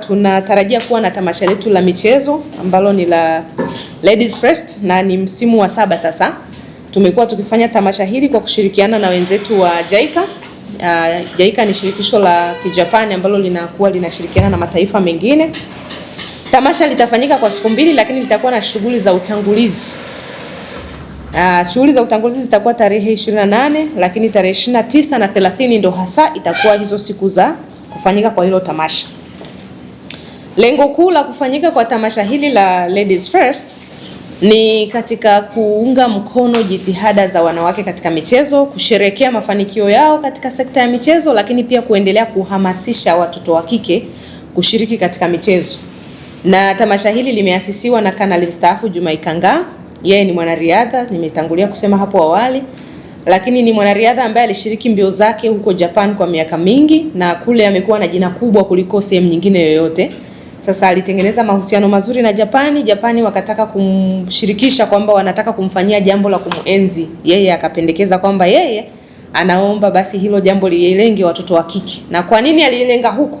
Tunatarajia kuwa na tamasha letu la michezo ambalo ni la Ladies First na ni msimu wa saba sasa. Tumekuwa tukifanya tamasha hili kwa kushirikiana na wenzetu wa Jaika. Uh, Jaika ni shirikisho la Kijapani ambalo linakuwa linashirikiana na mataifa mengine. Tamasha litafanyika kwa siku mbili, lakini litakuwa na shughuli za utangulizi. Uh, shughuli za utangulizi zitakuwa tarehe 28, lakini tarehe 29 na 30 ndo hasa itakuwa hizo siku za kufanyika kwa hilo tamasha. Lengo kuu la kufanyika kwa tamasha hili la Ladies First ni katika kuunga mkono jitihada za wanawake katika michezo, kusherekea mafanikio yao katika sekta ya michezo, lakini pia kuendelea kuhamasisha watoto wa kike kushiriki katika michezo. Na tamasha hili limeasisiwa na kanali mstaafu Juma Ikangaa. Yeye ni mwanariadha, nimetangulia kusema hapo awali, lakini ni mwanariadha ambaye alishiriki mbio zake huko Japan kwa miaka mingi na kule amekuwa na jina kubwa kuliko sehemu nyingine yoyote. Sasa alitengeneza mahusiano mazuri na Japani. Japani wakataka kumshirikisha kwamba wanataka kumfanyia jambo la kumuenzi yeye, akapendekeza kwamba yeye anaomba basi hilo jambo lielenge watoto wa kike. Na kwa nini alielenga huko?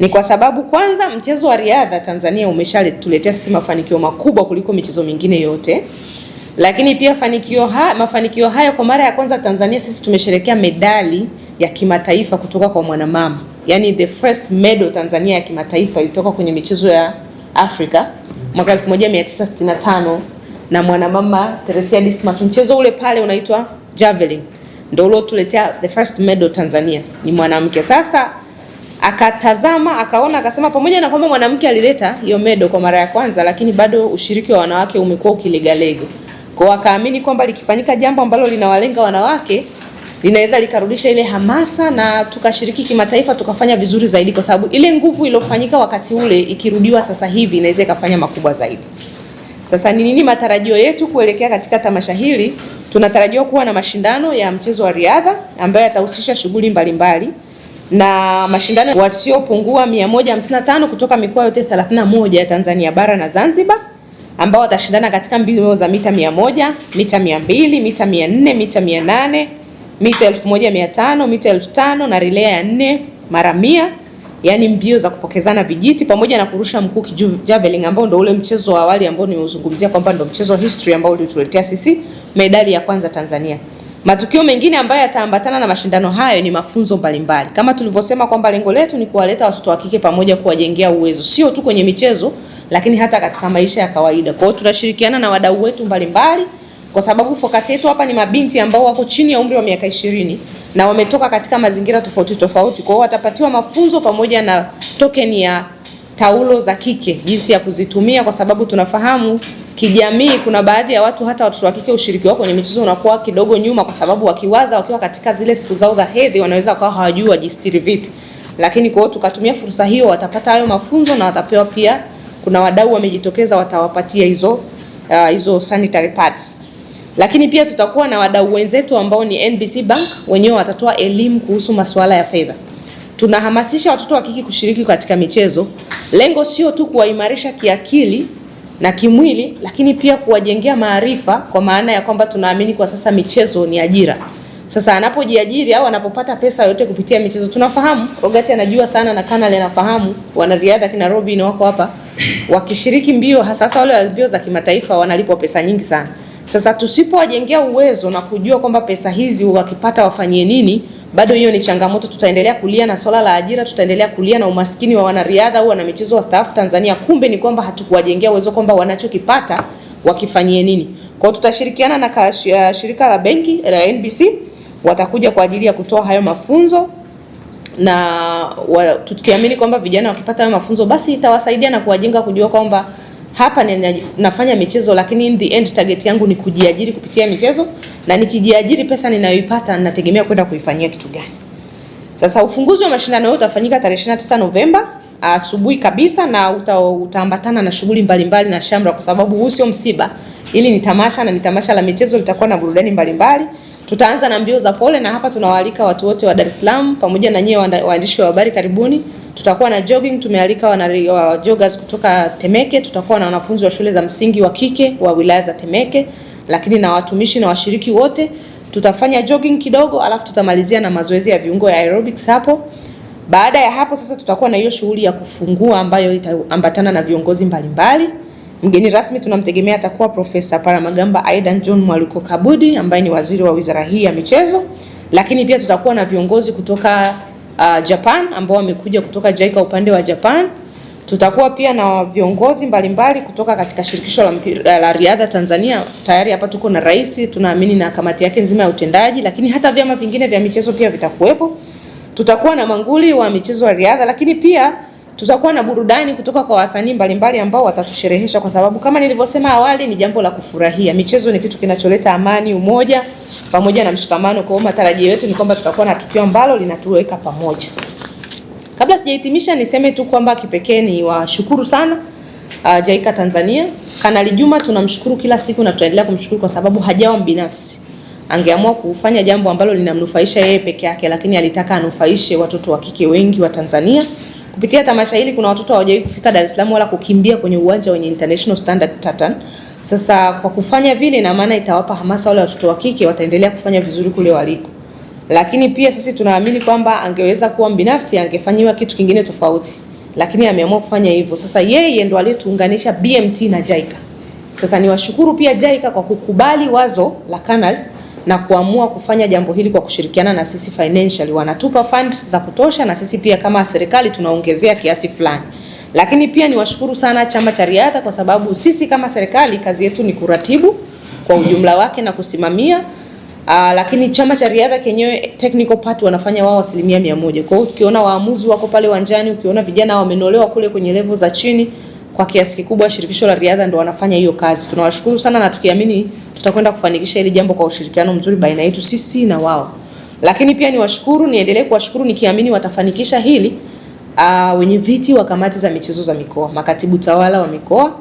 Ni kwa sababu kwanza, mchezo wa riadha Tanzania umeshatuletea sisi mafanikio makubwa kuliko michezo mingine yote, lakini pia fanikio ha, mafanikio haya kwa mara ya kwanza Tanzania sisi tumesherekea medali ya kimataifa kutoka kwa mwanamama yani the first medal Tanzania ya kimataifa ilitoka kwenye michezo ya Afrika mwaka 1965 na mwanamama Teresia Dismas. Mchezo ule pale unaitwa javelin, ndio uliotuletea the first medal Tanzania, ni mwanamke. Sasa akatazama akaona, akasema pamoja na kwamba mwanamke alileta hiyo medal kwa mara ya kwanza, lakini bado ushiriki wa wanawake umekuwa ukilegalega, kwa akaamini kwamba likifanyika jambo ambalo linawalenga wanawake linaweza likarudisha ile hamasa na tukashiriki kimataifa tukafanya vizuri zaidi, kwa sababu ile nguvu iliyofanyika wakati ule ikirudiwa sasa hivi inaweza ikafanya makubwa zaidi. Sasa ni nini matarajio yetu kuelekea katika tamasha hili? Tunatarajiwa kuwa na mashindano ya mchezo wa riadha ambayo yatahusisha shughuli mbalimbali na mashindano wasiopungua 155 kutoka mikoa yote 31 ya Tanzania bara na Zanzibar ambao watashindana katika mbio za mita 100, mita 200, mita 400, mita 800 mita 1500, mita 5000 na rilea ya 4 mara 100, yani mbio za kupokezana vijiti pamoja na kurusha mkuki javelin, ambao ndio ule mchezo wa awali ambao nimeuzungumzia kwamba ndio mchezo history ambao ulituletea sisi medali ya kwanza Tanzania. Matukio mengine ambayo yataambatana na mashindano hayo ni mafunzo mbalimbali. Kama tulivyosema kwamba lengo letu ni kuwaleta watoto wa kike pamoja, kuwajengea uwezo sio tu kwenye michezo, lakini hata katika maisha ya kawaida. Kwa hiyo tunashirikiana na wadau wetu mbalimbali mbali kwa sababu fokasi yetu hapa ni mabinti ambao wako chini ya umri wa miaka ishirini na wametoka katika mazingira tofauti tofauti. Kwa hiyo watapatiwa mafunzo pamoja na token ya taulo za kike, jinsi ya kuzitumia, kwa sababu tunafahamu kijamii kuna baadhi ya watu hata watoto wa kike ushiriki wao kwenye michezo unakuwa kidogo nyuma, kwa sababu wakiwaza wakiwa katika zile siku zao za hedhi wanaweza kuwa hawajui wajistiri vipi. Lakini kwa hiyo tukatumia fursa hiyo, watapata hayo mafunzo na watapewa pia, kuna wadau wamejitokeza watawapatia hizo uh, hizo uh, sanitary pads lakini pia tutakuwa na wadau wenzetu ambao ni NBC Bank, wenyewe watatoa elimu kuhusu masuala ya fedha. Tunahamasisha watoto wa kike kushiriki katika michezo, lengo sio tu kuwaimarisha kiakili na kimwili, lakini pia kuwajengea maarifa, kwa maana ya kwamba tunaamini kwa sasa michezo ni ajira. Sasa anapojiajiri au anapopata pesa yote kupitia michezo, tunafahamu Rogati anajua sana na Kanali anafahamu, wanariadha kina Robin wako hapa, wakishiriki mbio, hasa wale wa mbio za kimataifa wanalipwa pesa nyingi sana. Sasa tusipowajengea uwezo na kujua kwamba pesa hizi wakipata wafanyie nini, bado hiyo ni changamoto. Tutaendelea kulia na swala la ajira, tutaendelea kulia na umaskini wa wanariadha au wanamichezo wastaafu Tanzania. Kumbe ni kwamba hatukuwajengea uwezo kwamba wanachokipata wakifanyie nini. Kwa hiyo tutashirikiana na eh, shirika la benki la NBC watakuja kwa ajili ya kutoa hayo mafunzo na tukiamini kwamba vijana wakipata hayo mafunzo basi itawasaidia na kuwajenga kujua kwamba hapa nafanya michezo, lakini in the end target yangu ni kujiajiri kupitia michezo, na nikijiajiri, pesa ninayoipata ninategemea kwenda kuifanyia kitu gani? Sasa ufunguzi wa mashindano yote utafanyika tarehe 29 Novemba asubuhi kabisa, na uta, utaambatana na shughuli mbalimbali na shamra, kwa sababu huu sio msiba, ili ni tamasha na ni tamasha la michezo, litakuwa na burudani mbalimbali. Tutaanza na mbio za pole, na hapa tunawaalika watu wote wa Dar es Salaam pamoja na nyie waandishi wa habari, karibuni. Tutakuwa na jogging, tumealika wana wa joggers kutoka Temeke. Tutakuwa na wanafunzi wa shule za msingi wa kike wa wilaya za Temeke, lakini na watumishi na washiriki wote. Tutafanya jogging kidogo, alafu tutamalizia na mazoezi ya viungo ya aerobics hapo. Baada ya hapo sasa, tutakuwa na hiyo shughuli ya kufungua ambayo itaambatana na viongozi mbalimbali mbali. Mgeni rasmi tunamtegemea atakuwa Profesa paramagamba Aidan John Mwaluko Kabudi ambaye ni waziri wa wizara hii ya michezo, lakini pia tutakuwa na viongozi kutoka uh, Japan ambao wamekuja kutoka JICA upande wa Japan. Tutakuwa pia na viongozi mbalimbali kutoka katika shirikisho la, la riadha Tanzania. Tayari hapa tuko na rais, tunaamini na kamati yake nzima ya utendaji, lakini hata vyama vingine vya michezo pia vitakuwepo. Tutakuwa na manguli wa michezo wa riadha, lakini pia tutakuwa na burudani kutoka kwa wasanii mbalimbali ambao watatusherehesha, kwa sababu kama nilivyosema awali, ni jambo la kufurahia. Michezo ni kitu kinacholeta amani, umoja pamoja na mshikamano. Kwa hiyo matarajio yetu ni kwamba tutakuwa na tukio ambalo linatuweka pamoja. Kabla sijahitimisha, niseme tu kwamba kipekee ni washukuru sana uh, Jaika Tanzania. Kanali Juma tunamshukuru kila siku na tutaendelea kumshukuru kwa sababu hajawa mbinafsi. Angeamua kufanya jambo ambalo linamnufaisha yeye peke yake, lakini alitaka anufaishe watoto wa kike wengi wa Tanzania. Kupitia tamasha hili kuna watoto hawajawahi kufika Dar es Salaam wala kukimbia kwenye uwanja wenye International Standard Tartan. Sasa kwa kufanya vile, na maana itawapa hamasa wale watoto wa kike, wataendelea kufanya vizuri kule waliko. Lakini pia sisi tunaamini kwamba angeweza kuwa binafsi angefanyiwa kitu kingine tofauti, lakini ameamua kufanya hivyo. Sasa yeye ndo aliyetuunganisha BMT na JICA. Sasa niwashukuru pia JICA kwa kukubali wazo la Canal na kuamua kufanya jambo hili kwa kushirikiana na sisi financially. Wanatupa funds za kutosha, na sisi pia kama serikali tunaongezea kiasi fulani. Lakini pia niwashukuru sana chama cha riadha kwa sababu sisi kama serikali kazi yetu ni kuratibu kwa ujumla wake na kusimamia Aa, ah, lakini chama cha riadha kenyewe technical part wanafanya wao asilimia mia moja. Kwa hiyo ukiona waamuzi wako pale uwanjani, ukiona vijana wamenolewa kule kwenye level za chini kwa kiasi kikubwa shirikisho la riadha ndio wanafanya hiyo kazi. Tunawashukuru sana na tukiamini tutakwenda kufanikisha hili jambo kwa ushirikiano mzuri baina yetu sisi na wao. Lakini pia niwashukuru, niendelee kuwashukuru nikiamini watafanikisha hili uh, wenye viti wa kamati za michezo za mikoa, makatibu tawala wa mikoa,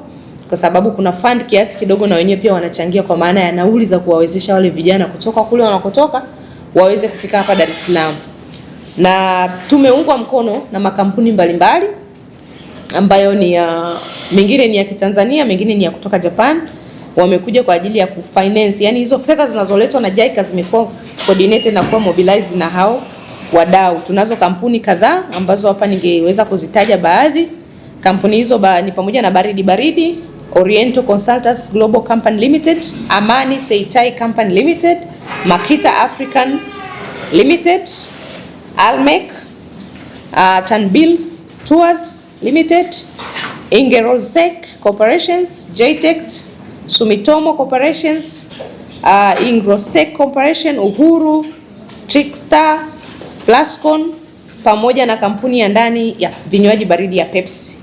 kwa sababu kuna fund kiasi kidogo, na wenyewe pia wanachangia kwa maana ya nauli za kuwawezesha wale vijana kutoka kule wanakotoka waweze kufika hapa Dar es Salaam, na tumeungwa mkono na makampuni mbalimbali mbali, ambayo ni ya mengine ni ya Kitanzania, mengine ni ya kutoka Japan. Wamekuja kwa ajili ya kufinance, yani hizo fedha zinazoletwa na JICA zimekuwa coordinated na kuwa mobilized na hao wadau. Tunazo kampuni kadhaa ambazo hapa ningeweza kuzitaja baadhi. Kampuni hizo ba, ni pamoja na Baridi Baridi, Oriental Consultants Global Company Limited, Amani Seitai Company Limited, Makita African Limited, Almec, uh, Tanbills Tours Limited, Ingerosec Corporations, JTECT, e Sumitomo Corporations, uh, Ingrosec Corporation, Uhuru, Trickstar, Plascon pamoja na kampuni ya ndani ya vinywaji baridi ya Pepsi.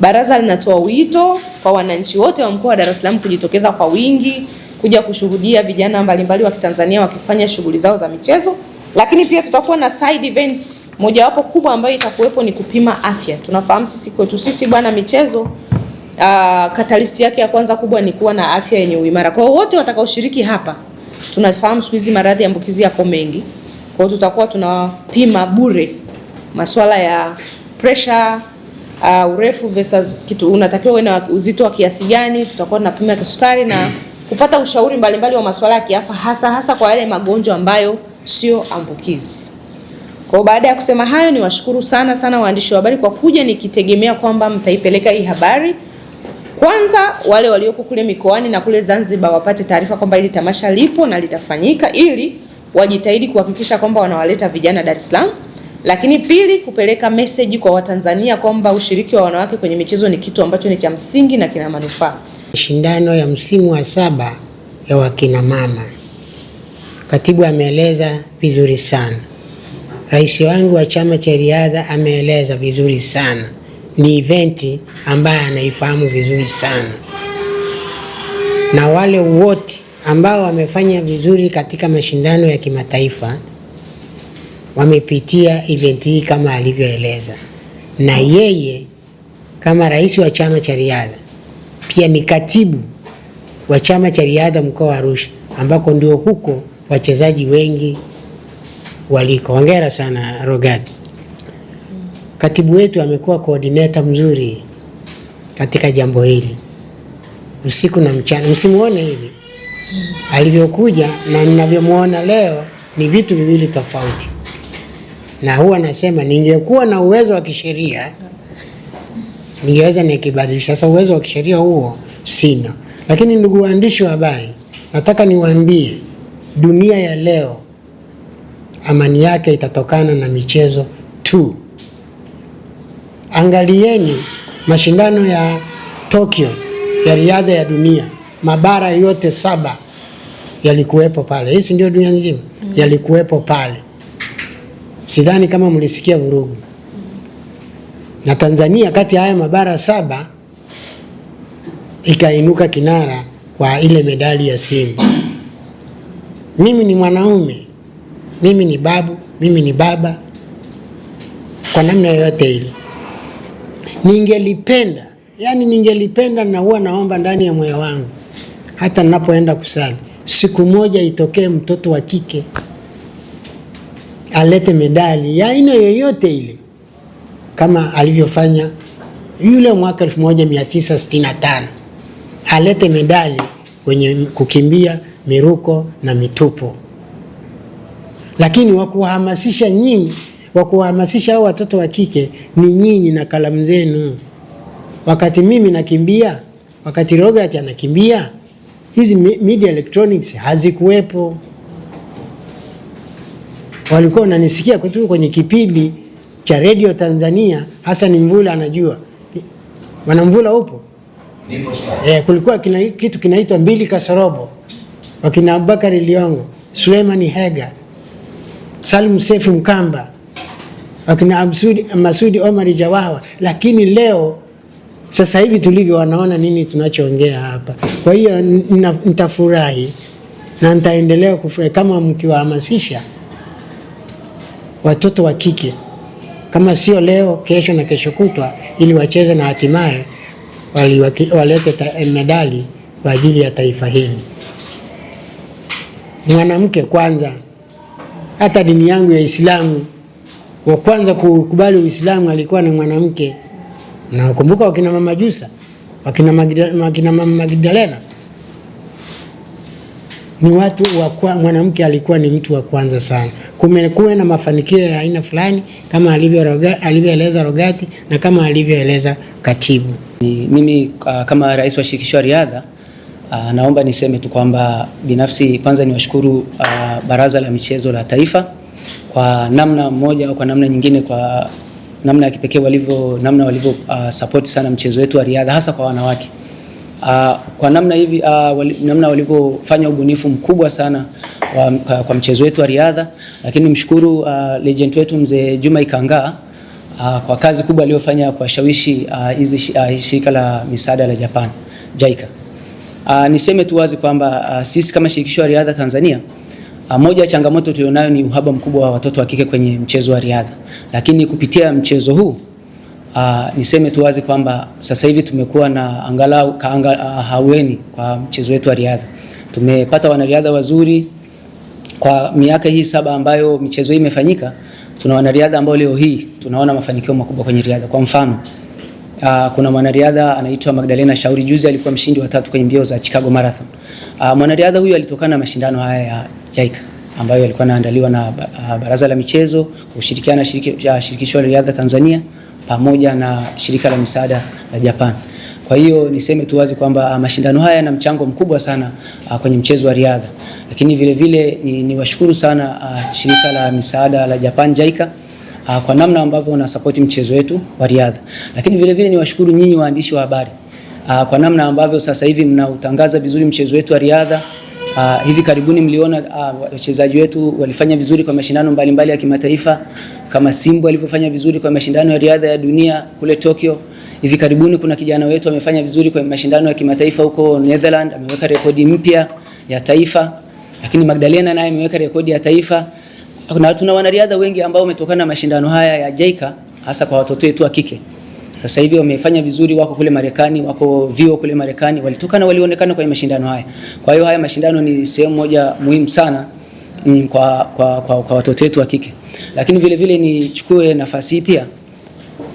Baraza linatoa wito kwa wananchi wote wa mkoa wa Dar es Salaam kujitokeza kwa wingi kuja kushuhudia vijana mbalimbali wa Kitanzania wakifanya shughuli zao za michezo, lakini pia tutakuwa na side events Mojawapo kubwa ambayo itakuwepo ni kupima afya. Tunafahamu sisi kwetu sisi bwana michezo Uh, ah, katalisti yake ya kwanza kubwa ni kuwa na afya yenye uimara. Kwa wote watakaoshiriki hapa, tunafahamu siku hizi maradhi ya ambukizi yako mengi, kwa hiyo tutakuwa tunapima bure masuala ya pressure, uh, urefu versus kitu unatakiwa uwe na uzito wa kiasi gani. Tutakuwa tunapima kisukari na kupata ushauri mbalimbali mbali wa masuala ya kiafya, hasa hasa kwa yale magonjwa ambayo sio ambukizi. Kwa baada ya kusema hayo, niwashukuru sana sana waandishi wa habari kwa kuja, nikitegemea kwamba mtaipeleka hii habari kwanza wale walioko kule mikoani na kule Zanzibar wapate taarifa kwamba ili tamasha lipo na litafanyika, ili wajitahidi kuhakikisha kwamba wanawaleta vijana Dar es Salaam. Lakini pili, kupeleka message kwa Watanzania kwamba ushiriki wa wanawake kwenye michezo ni kitu ambacho ni cha msingi na kina manufaa. Mashindano ya msimu wa saba ya mama, katibu ameeleza vizuri sana. Rais wangu wa chama cha riadha ameeleza vizuri sana, ni eventi ambayo anaifahamu vizuri sana, na wale wote ambao wamefanya vizuri katika mashindano ya kimataifa wamepitia eventi hii kama alivyoeleza, na yeye kama rais wa chama cha riadha pia ni katibu wa chama cha riadha mkoa wa Arusha ambako ndio huko wachezaji wengi waliko. Hongera sana Rogat. Katibu wetu amekuwa coordinator mzuri katika jambo hili usiku na mchana, msimuone hivi alivyokuja na ninavyomuona leo ni vitu viwili tofauti, na huwa nasema ningekuwa na uwezo wa kisheria ningeweza nikibadilisha. Sasa uwezo wa kisheria huo sina, lakini ndugu waandishi wa habari, nataka niwaambie dunia ya leo amani yake itatokana na michezo tu. Angalieni mashindano ya Tokyo ya riadha ya dunia, mabara yote saba yalikuwepo pale. Hii si ndio dunia nzima? mm -hmm. Yalikuwepo pale, sidhani kama mlisikia vurugu. mm -hmm. Na Tanzania kati ya haya mabara saba ikainuka kinara kwa ile medali ya Simba. Mimi ni mwanaume mimi ni babu, mimi ni baba, kwa namna yoyote ile ningelipenda, yani ningelipenda, na huwa naomba ndani ya moyo wangu, hata ninapoenda kusali, siku moja itokee mtoto wa kike alete medali ya aina yoyote ile kama alivyofanya yule mwaka 1965 alete medali kwenye kukimbia, miruko na mitupo lakini wakuwahamasisha nyinyi, wakuwahamasisha hao watoto wa kike ni nyinyi na kalamu zenu. Wakati mimi nakimbia, wakati Rogati anakimbia, hizi media electronics hazikuwepo. Walikuwa wananisikia kutoka kwenye kipindi cha redio Tanzania. Hassan Mvula anajua, Mwanamvula upo? Nipo. Eh, kulikuwa kina, kitu kinaitwa mbili kasorobo, wakina Bakari Liongo, Suleimani Hega Salim sefu Mkamba, akina Masudi Omari Jawawa, lakini leo sasa hivi tulivyo wanaona nini tunachoongea hapa. Kwa hiyo nitafurahi na nitaendelea kufurahi kama mkiwahamasisha watoto wa kike, kama sio leo, kesho na kesho kutwa, ili wacheze na hatimaye walete medali kwa ajili ya taifa hili. Mwanamke kwanza hata dini yangu ya Islamu, wa kwanza kukubali Uislamu alikuwa ni mwanamke. Nakumbuka wakina mama Jusa, wakina mama Magdalena ni watu wa kwa, mwanamke alikuwa ni mtu wa kwanza sana. Kumekuwa na mafanikio ya aina fulani kama alivyoeleza Rogati na kama alivyoeleza katibu. Mimi uh, kama rais wa shirikisho la riadha Uh, naomba niseme tu kwamba binafsi kwanza niwashukuru uh, Baraza la Michezo la Taifa kwa namna moja au kwa namna nyingine, kwa namna ya kipekee walivyo namna walivyo uh, support sana mchezo wetu wa riadha hasa kwa wanawake uh, kwa namna hivi uh, wali, namna walivyofanya ubunifu mkubwa sana wa, kwa, kwa mchezo wetu wa riadha, lakini mshukuru uh, legend wetu mzee Juma Ikangaa uh, kwa kazi kubwa aliyofanya kwa shawishi hizi uh, uh, shirika la misaada la Japan JICA. Uh, niseme tu wazi kwamba uh, sisi kama shirikisho la riadha Tanzania uh, moja ya changamoto tulionayo ni uhaba mkubwa wa watoto wa kike kwenye mchezo wa riadha, lakini kupitia mchezo huu uh, niseme tu wazi kwamba sasa hivi tumekuwa na angalau kaanga, uh, haweni kwa mchezo wetu wa riadha. Tumepata wanariadha wazuri kwa miaka hii saba ambayo michezo hii imefanyika. Tuna wanariadha ambao leo hii tunaona mafanikio makubwa kwenye riadha. Kwa mfano Uh, kuna mwanariadha anaitwa Magdalena Shauri, juzi alikuwa mshindi wa tatu kwenye mbio za Chicago Marathon. Uh, mwanariadha huyu alitokana na mashindano haya ya JICA ambayo alikuwa anaandaliwa na ah, Baraza la Michezo kwa ushirikiano na Shirikisho la Riadha Tanzania pamoja na shirika la misaada la Japan. Kwa hiyo niseme tu wazi kwamba mashindano haya yana mchango mkubwa sana uh, kwenye mchezo wa riadha, lakini vile vile ni, ni washukuru sana uh, shirika la misaada la Japan JICA uh, kwa namna ambavyo una support mchezo wetu wa riadha, lakini vile vile niwashukuru nyinyi waandishi wa habari uh, kwa namna ambavyo sasa hivi mnautangaza vizuri mchezo wetu wa riadha. Uh, hivi karibuni mliona wachezaji uh, wetu walifanya vizuri kwa mashindano mbalimbali ya kimataifa kama Simba alivyofanya vizuri kwa mashindano ya riadha ya dunia kule Tokyo. Hivi karibuni kuna kijana wetu amefanya vizuri kwa mashindano ya kimataifa huko Netherlands, ameweka rekodi mpya ya taifa, lakini Magdalena naye ameweka rekodi ya taifa. Na tuna wanariadha wengi ambao wametokana na mashindano haya ya jaika hasa kwa watoto wetu wa kike. Sasa hivi wamefanya vizuri, wako kule Marekani, wako vio kule Marekani, walitokana walionekana kwenye mashindano haya. Kwa hiyo haya mashindano ni sehemu moja muhimu sana mm, kwa, kwa, kwa, kwa watoto wetu wa kike, lakini vilevile nichukue nafasi hii pia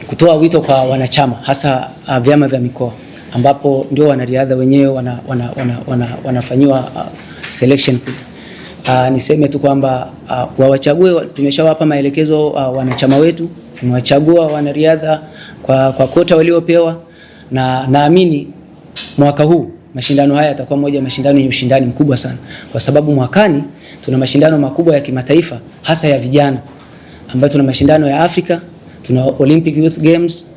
kutoa wito kwa wanachama hasa uh, vyama vya mikoa ambapo ndio wanariadha wenyewe wanafanyiwa wana, wana, wana, wana, wanafanyiwa uh, selection Uh, niseme tu kwamba uh, wawachague, tumeshawapa maelekezo uh, wanachama wetu, tumewachagua wanariadha kwa, kwa kota waliopewa, na naamini mwaka huu mashindano haya yatakuwa moja mashindano yenye ushindani mkubwa sana, kwa sababu mwakani tuna mashindano makubwa ya kimataifa hasa ya vijana, ambayo tuna mashindano ya Afrika, tuna Olympic Youth Games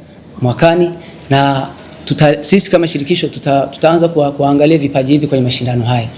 mwakani na tuta, sisi kama shirikisho tuta, tutaanza kuangalia vipaji hivi kwenye mashindano haya.